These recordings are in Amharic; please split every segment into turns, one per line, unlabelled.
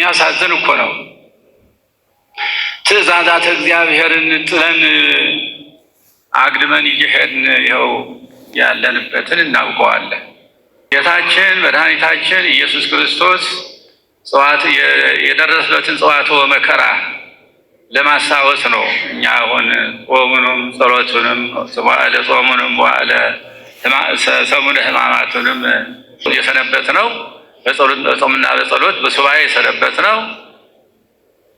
የሚያሳዝን እኮ ነው። ትእዛዛት እግዚአብሔርን ጥለን አግድመን እየሄድን ይኸው ያለንበትን እናውቀዋለን። ጌታችን መድኃኒታችን ኢየሱስ ክርስቶስ የደረስበትን ጽዋቶ መከራ ለማስታወስ ነው። እኛ አሁን ጾሙንም ጸሎቱንም ዋዕለ ጾሙንም ዋዕለ ሰሙነ ሕማማቱንም የሰነበት ነው። በጾምና በጸሎት በሱባኤ የሰረበት ነው።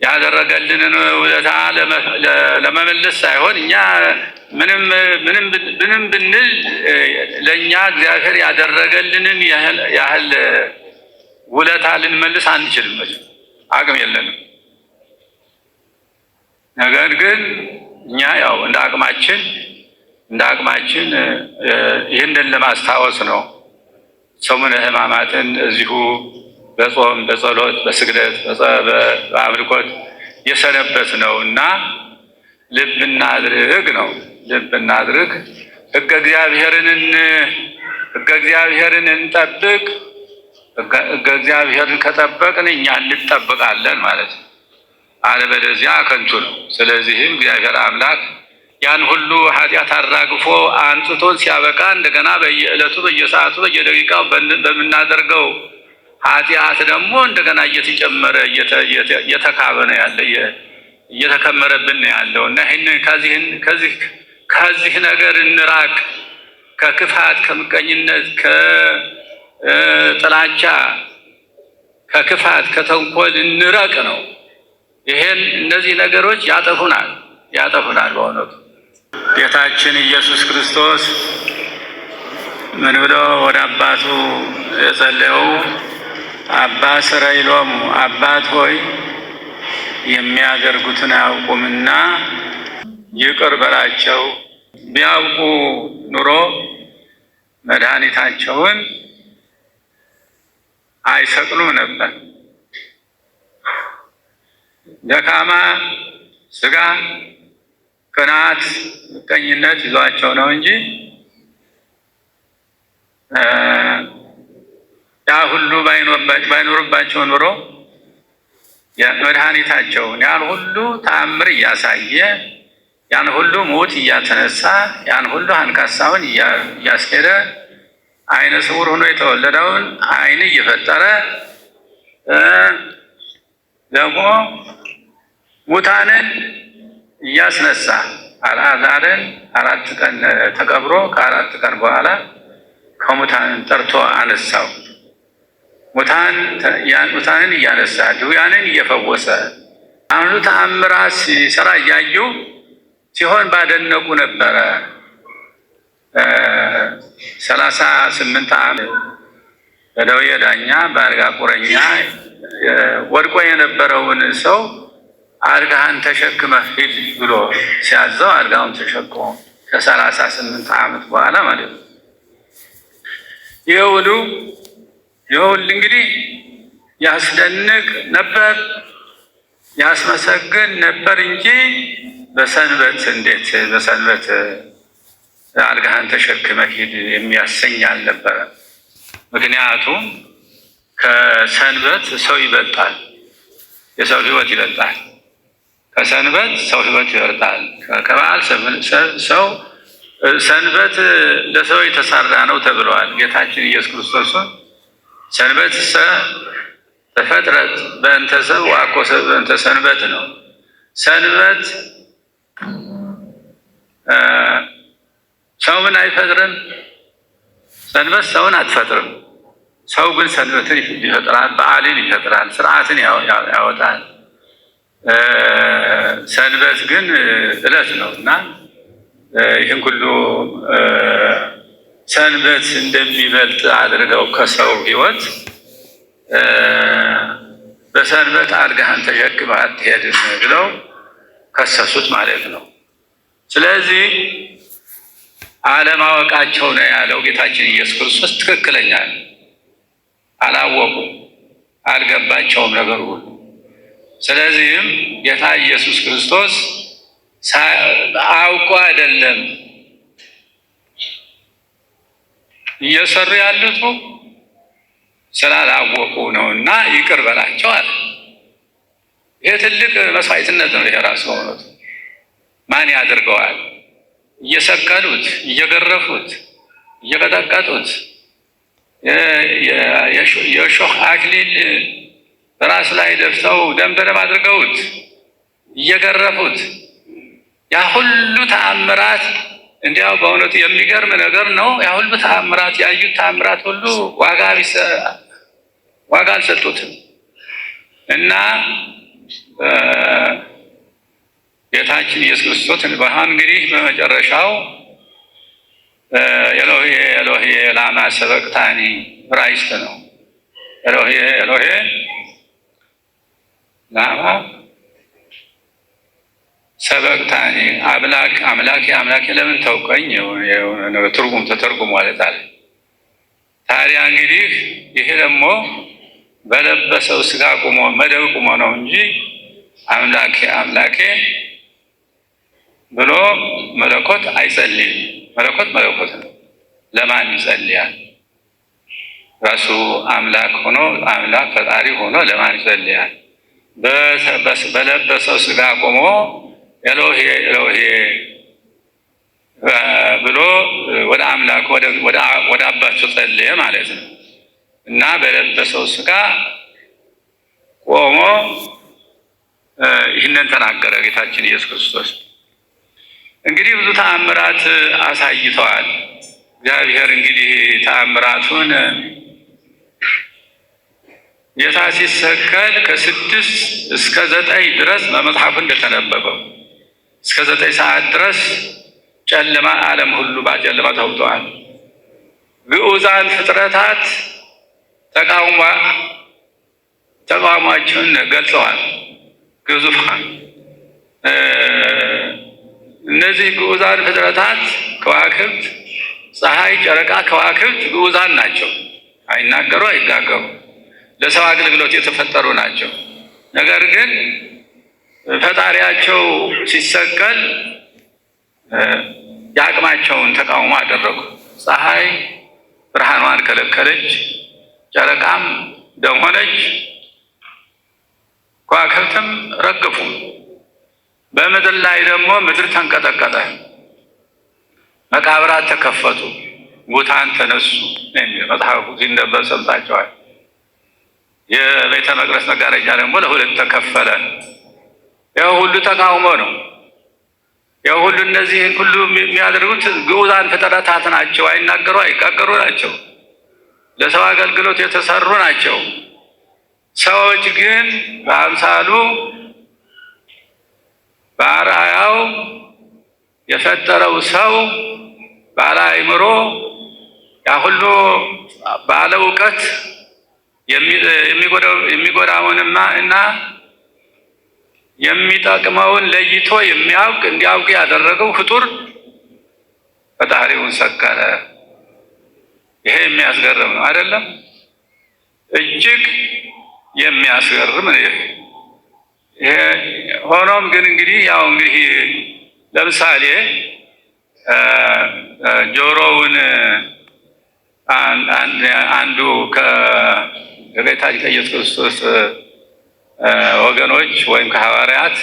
ያደረገልንን ውለታ ለመመለስ ሳይሆን እኛ ምንም ብንል ለእኛ እግዚአብሔር ያደረገልንን ያህል ውለታ ልንመልስ አንችልም፣ አቅም የለንም። ነገር ግን እኛ ያው እንደ አቅማችን እንደ አቅማችን ይህንን ለማስታወስ ነው። ሰሙነ ሕማማትን እዚሁ በጾም በጸሎት በስግደት በአምልኮት የሰነበት ነው እና ልብ እናድርግ ነው። ልብ እናድርግ፣ ህገ እግዚአብሔርን እንጠብቅ። ህገ እግዚአብሔርን ከጠበቅን እኛ እንጠብቃለን ማለት ነው። አለበለዚያ ከንቱ ነው። ስለዚህም እግዚአብሔር አምላክ ያን ሁሉ ኃጢአት አራግፎ አንጽቶ ሲያበቃ እንደገና በየዕለቱ በየሰዓቱ በየደቂቃው በምናደርገው ኃጢአት ደግሞ እንደገና እየተጨመረ እየተካበ ነው ያለ እየተከመረብን ነው ያለው እና ይህን ከዚህን ከዚህ ከዚህ ነገር እንራቅ። ከክፋት፣ ከምቀኝነት፣ ከጥላቻ፣ ከክፋት፣ ከተንኮል እንራቅ ነው። ይሄን እነዚህ ነገሮች ያጠፉናል ያጠፉናል በእውነቱ። ጌታችን ኢየሱስ ክርስቶስ ምን ብሎ ወደ አባቱ የጸለየው? አባ ስረይ ሎሙ፣ አባት ሆይ የሚያደርጉትን አያውቁምና ይቅር በላቸው። ቢያውቁ ኑሮ መድኃኒታቸውን አይሰቅሉም ነበር። ደካማ ስጋ ቅናት፣ ምቀኝነት ይዟቸው ነው እንጂ ያ ሁሉ ባይኖርባቸው ኑሮ መድኃኒታቸውን ያን ሁሉ ተአምር እያሳየ ያን ሁሉ ሙት እያተነሳ ያን ሁሉ አንካሳውን እያስሄደ አይነ ስውር ሆኖ የተወለደውን አይን እየፈጠረ ደግሞ ሙታንን እያስነሳ አልዓዛርን አራት ቀን ተቀብሮ ከአራት ቀን በኋላ ከሙታን ጠርቶ አነሳው። ሙታንን እያነሳ ድውያንን እየፈወሰ አሁኑ ተአምራ ሲሰራ እያዩ ሲሆን ባደነቁ ነበረ። ሰላሳ ስምንት ዓመት በደዌ ዳኛ በአልጋ ቁረኛ ወድቆ የነበረውን ሰው አልጋህን ተሸክመህ ሂድ ብሎ ሲያዘው አልጋውን ተሸክሞ ከሰላሳ ስምንት ዓመት በኋላ ማለት ነው። ይኸውሉ የውል እንግዲህ ያስደንቅ ነበር ያስመሰግን ነበር እንጂ በሰንበት እንዴት በሰንበት አልጋህን ተሸክመህ ሂድ የሚያሰኝ አልነበረ። ምክንያቱም ከሰንበት ሰው ይበልጣል፣ የሰው ህይወት ይበልጣል። ከሰንበት ሰው ሕይወት ይወርጣል። ከበዓል ሰው ሰንበት ለሰው የተሰራ ነው ተብለዋል። ጌታችን ኢየሱስ ክርስቶስም ሰንበት ሰ ተፈጥረት በእንተ ሰብ ሰብ በእንተ ሰንበት ነው። ሰንበት ምን አይፈጥርም። ሰንበት ሰውን አትፈጥርም። ሰው ግን ሰንበትን ይፈጥራል፣ በዓልን ይፈጥራል፣ ስርዓትን ያወጣል። ሰንበት ግን እለት ነው እና ይህን ሁሉ ሰንበት እንደሚበልጥ አድርገው ከሰው ህይወት በሰንበት አድጋህን ተሸክመ አትሄድም ብለው ከሰሱት ማለት ነው። ስለዚህ አለማወቃቸው ነው ያለው ጌታችን ኢየሱስ ክርስቶስ ትክክለኛ አላወቁም፣ አልገባቸውም ነገር ሁሉ ስለዚህም ጌታ ኢየሱስ ክርስቶስ አውቆ አይደለም እየሰሩ ያሉት ስላላወቁ ነው እና ይቅር በላቸው አለ። ይህ ትልቅ መስዋዕትነት ነው። የራሱ ሆኖት ማን ያድርገዋል? እየሰቀሉት፣ እየገረፉት፣ እየቀጠቀጡት የእሾህ አክሊል ራስ ላይ ደፍተው ደም በደም አድርገውት እየገረፉት ያ ሁሉ ተአምራት እንዲያው በእውነቱ የሚገርም ነገር ነው። ያ ሁሉ ተአምራት ያዩት ተአምራት ሁሉ ዋጋ ዋጋ አልሰጡትም እና ጌታችን ኢየሱስ ክርስቶስ ንባሃን እንግዲህ በመጨረሻው ኤሎሄ ኤሎሄ ላማ ሰበቅታኒ ራይስት ነው። ኤሎሄ ኤሎሄ ለአብ ሰበቅታኒ አምላክ አምላኬ አምላኬ ለምን ተውቀኝ ትርጉም ተተርጉሟል ይላል። ታዲያ እንግዲህ ይሄ ደግሞ በለበሰው ስጋ ቁሞ መደብ ቁሞ ነው እንጂ አምላኬ አምላኬ ብሎ መለኮት አይጸልይም። መለኮት መለኮት ነው። ለማን ይጸልያል? ራሱ አምላክ ሆኖ አምላክ ፈጣሪ ሆኖ ለማን ይጸልያል? በለበሰው ስጋ ቆሞ ኤሎሄ ኤሎሄ ብሎ ወደ አምላክ ወደ አባቸው ጸለየ ማለት ነው እና በለበሰው ስጋ ቆሞ ይህንን ተናገረ ጌታችን ኢየሱስ ክርስቶስ። እንግዲህ ብዙ ተአምራት አሳይተዋል። እግዚአብሔር እንግዲህ ተአምራቱን ጌታ ሲሰቀል ከስድስት እስከ ዘጠኝ ድረስ በመጽሐፉ እንደተነበበው እስከ ዘጠኝ ሰዓት ድረስ ጨለማ ዓለም ሁሉ በጨለማ ተውጠዋል። ግዑዛን ፍጥረታት ተቃውማ ተቃውሟቸውን ገልጸዋል። ግዙፋን እነዚህ ግዑዛን ፍጥረታት ከዋክብት፣ ፀሐይ፣ ጨረቃ፣ ከዋክብት ግዑዛን ናቸው። አይናገሩ አይጋገሩ ለሰው አገልግሎት የተፈጠሩ ናቸው። ነገር ግን ፈጣሪያቸው ሲሰቀል የአቅማቸውን ተቃውሞ አደረጉ። ፀሐይ ብርሃኗን ከለከለች፣ ጨረቃም ደም ሆነች፣ ከዋክብትም ረግፉ በምድር ላይ ደግሞ ምድር ተንቀጠቀጠ፣ መቃብራት ተከፈቱ፣ ሙታን ተነሱ። መጽሐፉ ሲነበብ ሰምታችኋል። የቤተ መቅደስ መጋረጃ ደግሞ ለሁለት ተከፈለ። ያው ሁሉ ተቃውሞ ነው። ያው ሁሉ እነዚህን ሁሉ የሚያደርጉት ግዑዛን ፍጥረታት ናቸው። አይናገሩ አይቃቀሩ ናቸው። ለሰው አገልግሎት የተሰሩ ናቸው። ሰዎች ግን በአምሳሉ በአርአያው የፈጠረው ሰው ባለ አእምሮ ያ ሁሉ ባለ እውቀት የሚጎዳውንማ እና የሚጠቅመውን ለይቶ የሚያውቅ እንዲያውቅ ያደረገው ፍጡር ፈጣሪውን ሰከረ። ይሄ የሚያስገርም ነው አይደለም? እጅግ የሚያስገርም ነው። ይሄ ሆኖም ግን እንግዲህ ያው እንግዲህ ለምሳሌ ጆሮውን አንዱ ከጌታችን ከኢየሱስ ክርስቶስ ወገኖች ወይም ከሐዋርያት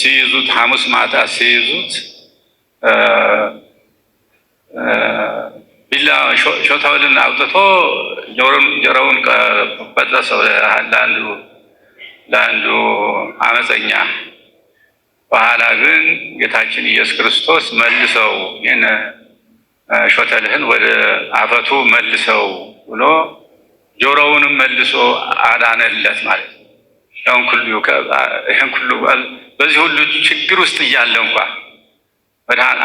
ሲይዙት ሐሙስ ማታ ሲይዙት ቢላ ሾተውልን አውጥቶ ጆሮውን በጠሰው ለአንዱ ለአንዱ አመፀኛ። በኋላ ግን ጌታችን ኢየሱስ ክርስቶስ መልሰው ይህን ሾተልህን ወደ አፈቱ መልሰው ብሎ ጆሮውንም መልሶ አዳነለት ማለት ነው። ይህን ሁሉ በዚህ ሁሉ ችግር ውስጥ እያለ እንኳ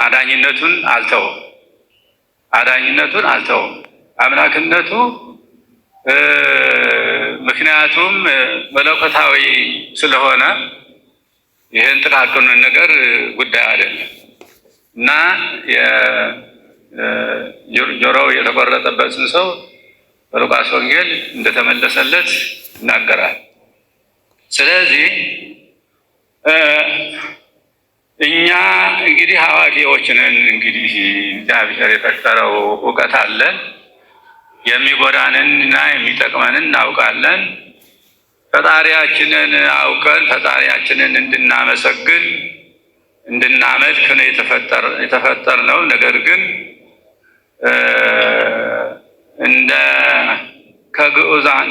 አዳኝነቱን አልተውም፣ አዳኝነቱን አልተውም፣ አምላክነቱ ምክንያቱም መለኮታዊ ስለሆነ ይህን ጥቃቅኑን ነገር ጉዳይ አይደለም እና ጆሮው የተቆረጠበትን ሰው በሉቃስ ወንጌል እንደተመለሰለት ይናገራል። ስለዚህ እኛ እንግዲህ አዋቂዎች ነን። እንግዲህ እግዚአብሔር የፈጠረው እውቀት አለን። የሚጎዳንን እና የሚጠቅመንን እናውቃለን። ፈጣሪያችንን አውቀን ፈጣሪያችንን እንድናመሰግን እንድናመልክ ነው ነው። ነገር ግን እንደ ከግዑዛን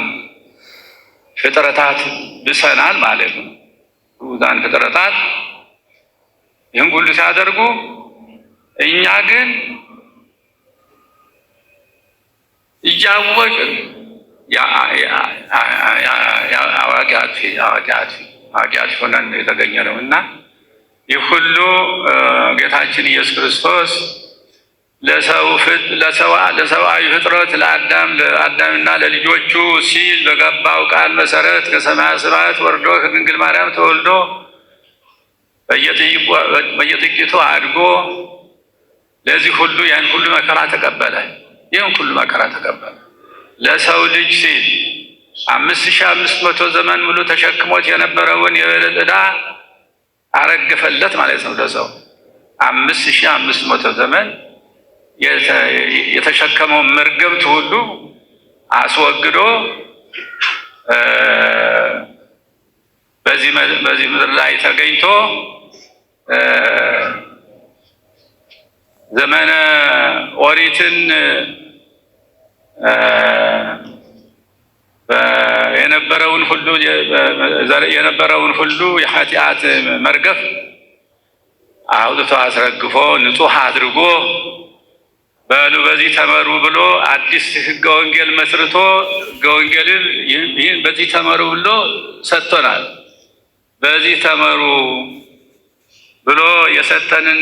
ፍጥረታት ብሰናል ማለት ነው። ግዑዛን ፍጥረታት ይህን ሁሉ ሲያደርጉ እኛ ግን እያወቅን አዋቂ አጥፊ አዋቂ አጥፊ አዋቂ አጥፊ ሆነን የተገኘ ነው እና ይህ ሁሉ ጌታችን ኢየሱስ ክርስቶስ ለሰብአዊ ፍጥረት ለአዳም ለአዳምና ለልጆቹ ሲል በገባው ቃል መሰረት ከሰማያ ሰባት ወርዶ ከድንግል ማርያም ተወልዶ በየጥቂቱ አድጎ ለዚህ ሁሉ ያን ሁሉ መከራ ተቀበለ። ይህን ሁሉ መከራ ተቀበለ ለሰው ልጅ ሲል አምስት ሺህ አምስት መቶ ዘመን ሙሉ ተሸክሞት የነበረውን የበደል ዕዳ አረግፈለት ማለት ነው። ለሰው አምስት ሺህ አምስት መቶ ዘመን የተሸከመውን መርገምት ሁሉ አስወግዶ በዚህ ምድር ላይ ተገኝቶ ዘመነ ኦሪትን የነበረውን ሁሉ የነበረውን ሁሉ የኃጢአት መርገፍ አውጥቶ አስረግፎ ንጹሕ አድርጎ በሉ በዚህ ተመሩ ብሎ አዲስ ህገ ወንጌል መስርቶ ህገ ወንጌልን ይህን በዚህ ተመሩ ብሎ ሰጥቶናል። በዚህ ተመሩ ብሎ የሰጠንን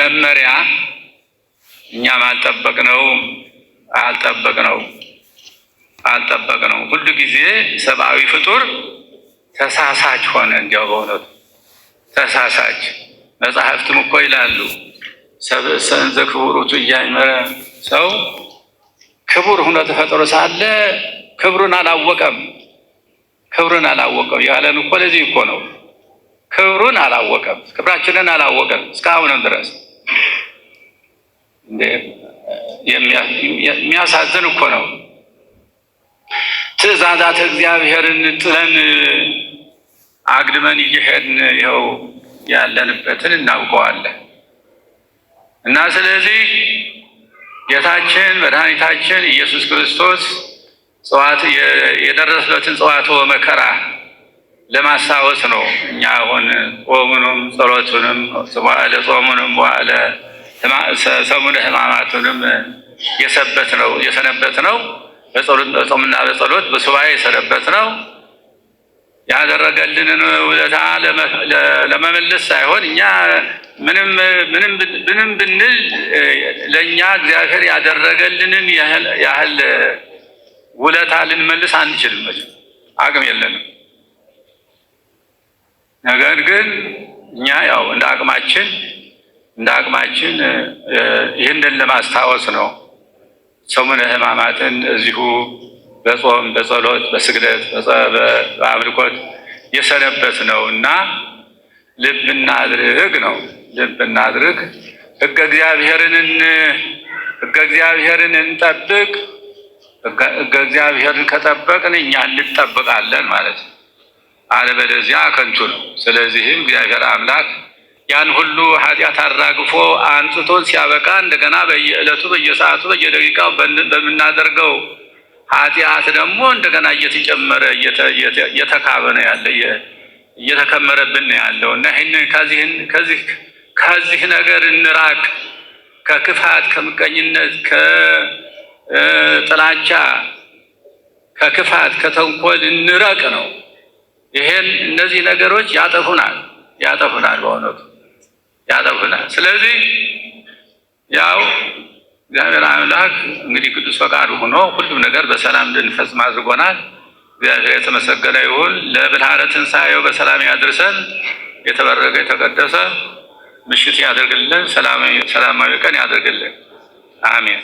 መመሪያ እኛም አልጠበቅ ነው አልጠበቅ ነው አልጠበቅ ነው። ሁሉ ጊዜ ሰብአዊ ፍጡር ተሳሳች ሆነ። እንዲያው በእውነቱ ተሳሳች መጽሐፍትም እኮ ይላሉ ሰብእሰ እንዘ ክቡር ውእቱ ሰው ክቡር ሆኖ ተፈጥሮ ሳለ ክብሩን አላወቀም። ክብሩን አላወቀም ያለን እኮ ለዚህ እኮ ነው። ክብሩን አላወቀም፣ ክብራችንን አላወቀም እስካሁንም ድረስ የሚያሳዝን እኮ ነው። ትእዛዛት እግዚአብሔርን ጥለን አግድመን እየሄድን ይኸው ያለንበትን እናውቀዋለን። እና ስለዚህ ጌታችን መድኃኒታችን ኢየሱስ ክርስቶስ የደረሰበትን ጽዋቶ መከራ ለማስታወስ ነው። እኛ አሁን ጾሙንም ጸሎቱንም በኋለ ጾሙንም በኋለ ሰሙነ ሕማማቱንም የሰበት ነው የሰነበት ነው በጾምና በጸሎት በሱባኤ የሰነበት ነው። ያደረገልንን ውለታ ለመመለስ ሳይሆን እኛ ምንም ብንል ለእኛ እግዚአብሔር ያደረገልንን ያህል ውለታ ልንመልስ አንችልም፣ አቅም የለንም። ነገር ግን እኛ ያው እንደ አቅማችን እንደ አቅማችን ይህንን ለማስታወስ ነው ሰሙነ ሕማማትን እዚሁ በጾም በጸሎት በስግደት በአምልኮት የሰነበት ነው እና ልብ እናድርግ ነው። ልብ እናድርግ። ሕገ እግዚአብሔርን እንጠብቅ። ሕገ እግዚአብሔርን ከጠበቅን እኛ እንጠብቃለን ማለት ነው። አለበለዚያ ከንቱ ነው። ስለዚህም እግዚአብሔር አምላክ ያን ሁሉ ኃጢአት አራግፎ አንጽቶን ሲያበቃ እንደገና በየዕለቱ በየሰዓቱ በየደቂቃው በምናደርገው ኃጢአት ደግሞ እንደገና እየተጨመረ እየተካበ ነው ያለ እየተከመረብን ነው ያለው እና ከዚህ ከዚህ ነገር እንራቅ። ከክፋት፣ ከምቀኝነት፣ ከጥላቻ፣ ከክፋት፣ ከተንኮል እንራቅ ነው። ይሄን እነዚህ ነገሮች ያጠፉናል፣ ያጠፉናል፣ በእውነቱ ያጠፉናል። ስለዚህ ያው እግዚአብሔር አምላክ እንግዲህ ቅዱስ ፈቃዱ ሆኖ ሁሉም ነገር በሰላም እንድንፈጽም አድርጎናል። እግዚአብሔር የተመሰገነ ይሁን። ለብልሃረ ትንሣኤው በሰላም ያድርሰን። የተበረገ የተቀደሰ ምሽት ያደርግልን፣ ሰላማዊ ቀን ያደርግልን። አሜን።